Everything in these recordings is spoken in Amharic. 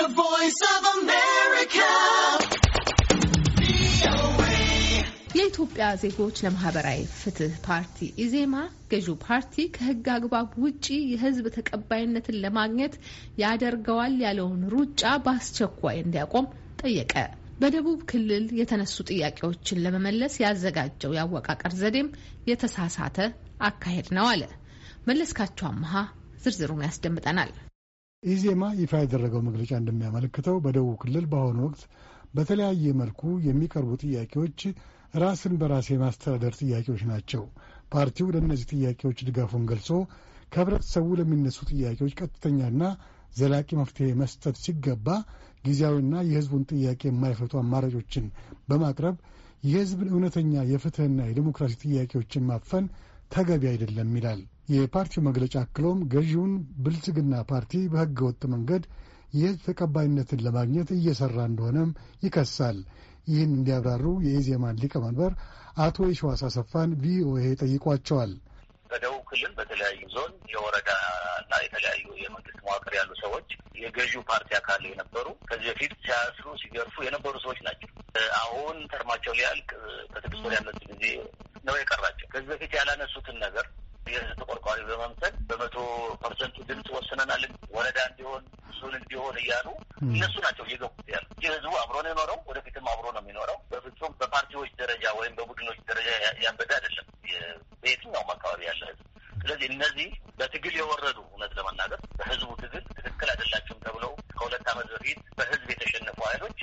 The Voice of America. የኢትዮጵያ ዜጎች ለማህበራዊ ፍትህ ፓርቲ ኢዜማ ገዢው ፓርቲ ከህግ አግባብ ውጪ የህዝብ ተቀባይነትን ለማግኘት ያደርገዋል ያለውን ሩጫ በአስቸኳይ እንዲያቆም ጠየቀ። በደቡብ ክልል የተነሱ ጥያቄዎችን ለመመለስ ያዘጋጀው የአወቃቀር ዘዴም የተሳሳተ አካሄድ ነው አለ። መለስካቸው አመሃ ዝርዝሩን ያስደምጠናል። ኢዜማ ይፋ ያደረገው መግለጫ እንደሚያመለክተው በደቡብ ክልል በአሁኑ ወቅት በተለያየ መልኩ የሚቀርቡ ጥያቄዎች ራስን በራስ የማስተዳደር ጥያቄዎች ናቸው። ፓርቲው ለእነዚህ ጥያቄዎች ድጋፉን ገልጾ ከህብረተሰቡ ለሚነሱ ጥያቄዎች ቀጥተኛና ዘላቂ መፍትሄ መስጠት ሲገባ ጊዜያዊና የህዝቡን ጥያቄ የማይፈቱ አማራጮችን በማቅረብ የህዝብን እውነተኛ የፍትህና የዲሞክራሲ ጥያቄዎችን ማፈን ተገቢ አይደለም ይላል። የፓርቲው መግለጫ አክሎም ገዢውን ብልጽግና ፓርቲ በሕገ ወጥ መንገድ የህዝብ ተቀባይነትን ለማግኘት እየሰራ እንደሆነም ይከሳል። ይህን እንዲያብራሩ የኢዜማን ሊቀመንበር አቶ የሸዋስ አሰፋን ቪኦኤ ጠይቋቸዋል። በደቡብ ክልል በተለያዩ ዞን የወረዳ እና የተለያዩ የመንግስት መዋቅር ያሉ ሰዎች የገዢው ፓርቲ አካል የነበሩ ከዚህ በፊት ሲያስሩ ሲገርፉ የነበሩ ሰዎች ናቸው። አሁን ተርማቸው ሊያልቅ ከስድስት ወር ያነሱ ጊዜ ነው የቀራቸው። ከዚህ በፊት ያላነሱትን ነገር የህዝብ ተቆርቋሪ በመምሰል በመቶ ፐርሰንቱ ድምፅ ወስነናል፣ ወረዳ እንዲሆን እሱን እንዲሆን እያሉ እነሱ ናቸው እየገቡት ያሉ ይህ ህዝቡ አብሮ ነው የኖረው፣ ወደፊትም አብሮ ነው የሚኖረው። በፍጹም በፓርቲዎች ደረጃ ወይም በቡድኖች ደረጃ ያበደ አይደለም በየትኛውም አካባቢ ያለ ህዝብ። ስለዚህ እነዚህ በትግል የወረዱ እውነት ለመናገር በህዝቡ ትግል ትክክል አይደላችሁም ተብለው ከሁለት ዓመት በፊት በህዝብ የተሸነፉ ኃይሎች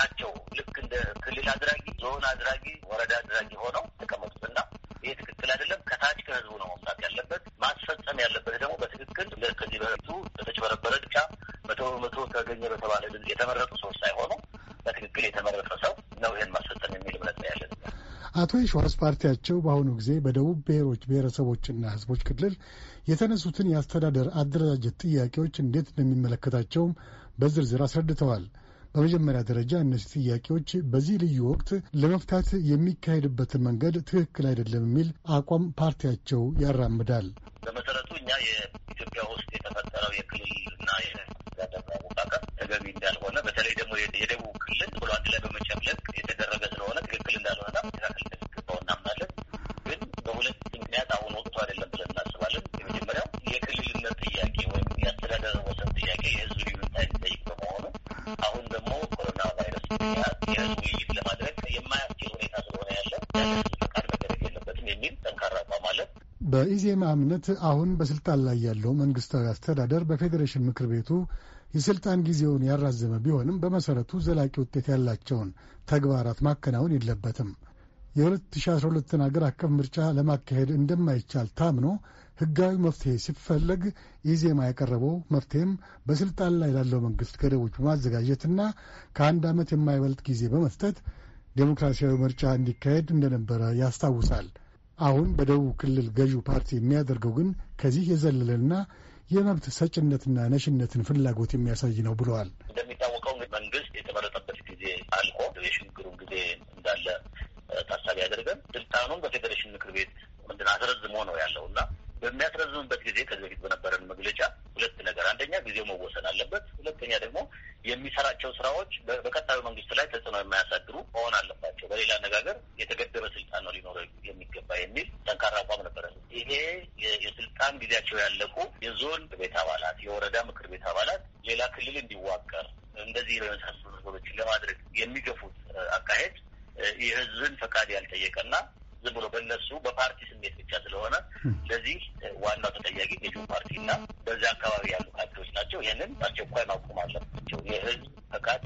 ናቸው ልክ እንደ ክልል አድራጊ፣ ዞን አድራጊ፣ ወረዳ አድራጊ ሆነው የተመረጡ ሰዎች ሳይሆኑ በትክክል የተመረጠ ሰው ነው ይህን ማስፈጸም የሚል እምነት ነው ያለን። አቶ የሸዋስ ፓርቲያቸው በአሁኑ ጊዜ በደቡብ ብሔሮች ብሔረሰቦችና ሕዝቦች ክልል የተነሱትን የአስተዳደር አደረጃጀት ጥያቄዎች እንዴት እንደሚመለከታቸውም በዝርዝር አስረድተዋል። በመጀመሪያ ደረጃ እነዚህ ጥያቄዎች በዚህ ልዩ ወቅት ለመፍታት የሚካሄድበትን መንገድ ትክክል አይደለም የሚል አቋም ፓርቲያቸው ያራምዳል። በመሰረቱ እኛ የኢትዮጵያ ውስጥ የተፈጠረው የክልል ተገቢ እንዳልሆነ በተለይ ደግሞ የደቡብ በኢዜማ እምነት አሁን በስልጣን ላይ ያለው መንግስታዊ አስተዳደር በፌዴሬሽን ምክር ቤቱ የስልጣን ጊዜውን ያራዘመ ቢሆንም በመሰረቱ ዘላቂ ውጤት ያላቸውን ተግባራት ማከናወን የለበትም። የ2012ን አገር አቀፍ ምርጫ ለማካሄድ እንደማይቻል ታምኖ ህጋዊ መፍትሄ ሲፈለግ ኢዜማ ያቀረበው መፍትሄም በስልጣን ላይ ላለው መንግስት ገደቦች በማዘጋጀትና ከአንድ ዓመት የማይበልጥ ጊዜ በመስጠት ዴሞክራሲያዊ ምርጫ እንዲካሄድ እንደነበረ ያስታውሳል። አሁን በደቡብ ክልል ገዢው ፓርቲ የሚያደርገው ግን ከዚህ የዘለለና የመብት ሰጭነትና ነሽነትን ፍላጎት የሚያሳይ ነው ብለዋል። እንደሚታወቀው መንግስት የተመረጠበት ጊዜ አልቆ የሽግግሩን ጊዜ እንዳለ ታሳቢ ያደርገን ስልጣኑን በፌዴሬሽን ምክር ቤት ምንድን አስረዝሞ ነው ያለው እና በሚያስረዝምበት ጊዜ ከዚህ በፊት በነበረን መግለጫ ሁለት ነገር፣ አንደኛ ጊዜው መወሰን አለበት፣ ሁለተኛ ደግሞ የሚሰራቸው ስራዎች በቀጣዩ መንግስት ላይ ተጽዕኖ የማያሳድሩ መሆን አለባቸው። በሌላ አነጋገር የተገደበ ስልጣን ነው ሊኖረ በጣም ጊዜያቸው ያለቁ የዞን ቤት አባላት፣ የወረዳ ምክር ቤት አባላት ሌላ ክልል እንዲዋቀር እንደዚህ በመሳሰሉ ነገሮችን ለማድረግ የሚገፉት አካሄድ የህዝብን ፈቃድ ያልጠየቀና ዝም ብሎ በነሱ በፓርቲ ስሜት ብቻ ስለሆነ ለዚህ ዋናው ተጠያቂ ገዢው እና በዚያ አካባቢ ያሉ ካድሬዎች ናቸው። ይህንን አስቸኳይ ማቆም አለባቸው። የህዝብ ፈቃድ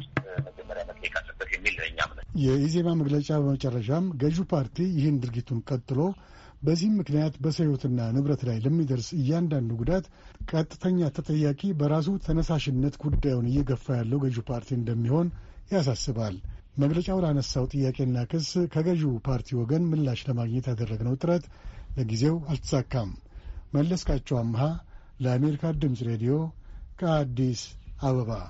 መጀመሪያ መጠየቅ አለበት የሚል ለኛ ምነት የኢዜማ መግለጫ በመጨረሻም ገዢው ፓርቲ ይህን ድርጊቱን ቀጥሎ በዚህም ምክንያት በሰው ሕይወትና ንብረት ላይ ለሚደርስ እያንዳንዱ ጉዳት ቀጥተኛ ተጠያቂ በራሱ ተነሳሽነት ጉዳዩን እየገፋ ያለው ገዢ ፓርቲ እንደሚሆን ያሳስባል። መግለጫው ላነሳው ጥያቄና ክስ ከገዢው ፓርቲ ወገን ምላሽ ለማግኘት ያደረግነው ጥረት ለጊዜው አልተሳካም። መለስካቸው አምሃ ለአሜሪካ ድምፅ ሬዲዮ ከአዲስ አበባ